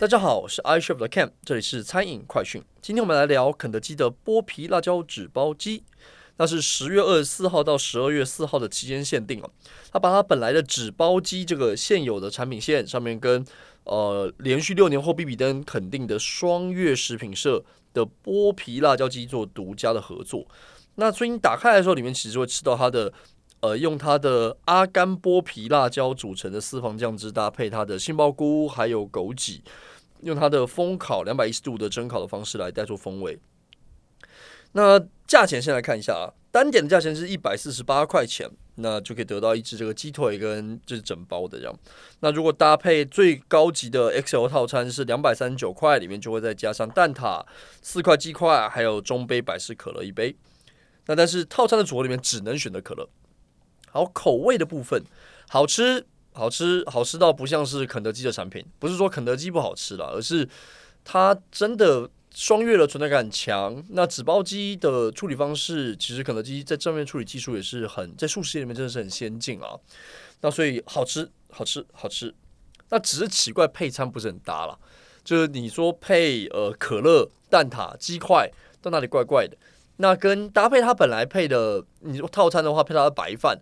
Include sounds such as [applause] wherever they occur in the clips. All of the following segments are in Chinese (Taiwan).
大家好，我是 iCHEF 的 Ken，這裡是餐飲快訊。今天我們來聊肯德基的剝皮辣椒紙包雞，那是十月二十四號到十二月四號的期間限定哦。他把他本來的紙包雞這個現有的產品線上面跟，跟呃連續六年獲必比登肯定的雙月食品社的剝皮辣椒雞做獨家的合作。那所以你打開來的時候，裡面其實會吃到它的。呃，用它的阿甘剝皮辣椒組成的私房醬汁，搭配它的杏鮑菇還有枸杞，用它的風烤兩百一十度的蒸烤的方式來帶出風味。那價錢先來看一下啊，單點的價錢是一百四十八塊錢，那就可以得到一隻這個雞腿跟這整包的這樣。那如果搭配最高級的 XO 套餐是兩百三十九塊，裡面就會再加上蛋撻、四塊雞塊還有中杯百事可樂一杯。那但是套餐的組合裡面只能選擇可樂。好口味的部分，好吃，好吃，好吃到不像是肯德基的產品。不是說肯德基不好吃了，而是它真的雙月的存在感很強。那紙包雞的處理方式，其實肯德基在正面處理技術也是很在速食裡面真的是很先進啊。那所以好吃，好吃，好吃。那只是奇怪配餐不是很搭了，就是你說配呃可樂、蛋撻、雞塊到哪裡怪怪的。那跟搭配它本來配的，你說套餐的話配它的白飯。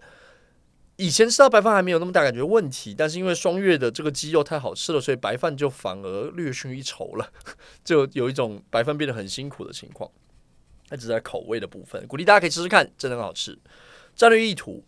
以前吃到白飯還沒有那麼大感覺的問題，但是因為雙月的這個雞肉太好吃了，所以白飯就反而略遜一籌了， [laughs] 就有一種白飯變得很辛苦的情況。它只在口味的部分鼓勵大家可以試試看，真的很好吃。戰略意圖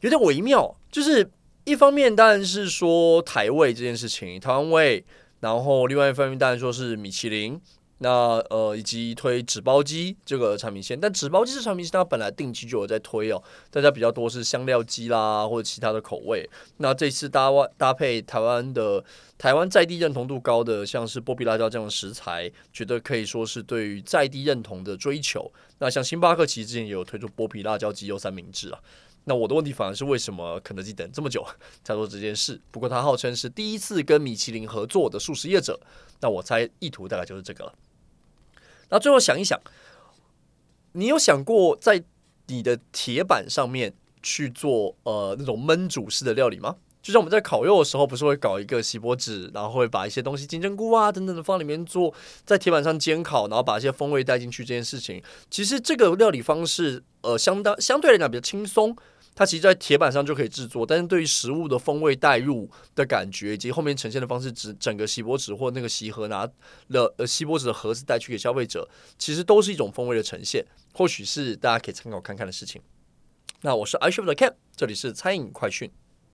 有點微妙，就是一方面當然是說台味這件事情，台灣味，然後另外一方面當然說是米其林。那呃，以及推紙包雞這個產品線，但紙包雞這產品線它本來定期就有在推哦，大家比較多是香料雞啦，或者其他的口味。那這次搭搭配台灣的台灣在地認同度高的，像是剝皮辣椒這樣的食材，覺得可以說是對於在地認同的追求。那像星巴克其實之前也有推出剝皮辣椒雞肉三明治啊。那我的問題反而是為什麼肯德基等這麼久才做這件事？不過他號稱是第一次跟米其林合作的速食業者，那我猜意圖大概就是這個了。那最後想一想，你有想過在你的鐵板上面去做呃那種燜煮式的料理嗎？就像我們在烤肉的時候，不是會搞一個錫箔紙，然後會把一些東西，金針菇啊等等的放裡面做，在鐵板上煎烤，然後把一些風味帶進去這件事情。其實這個料理方式，呃，相當相對來講比較輕鬆。它其實，在鐵板上就可以制作，但是對於食物的風味帶入的感覺，以及後面呈現的方式，紙整個錫箔紙或那個錫盒拿了，呃，錫箔紙的盒子帶去給消費者，其實都是一種風味的呈現，或許是大家可以參考看看的事情。那我是 iCHEF 的 Ken，這裡是餐飲快訊。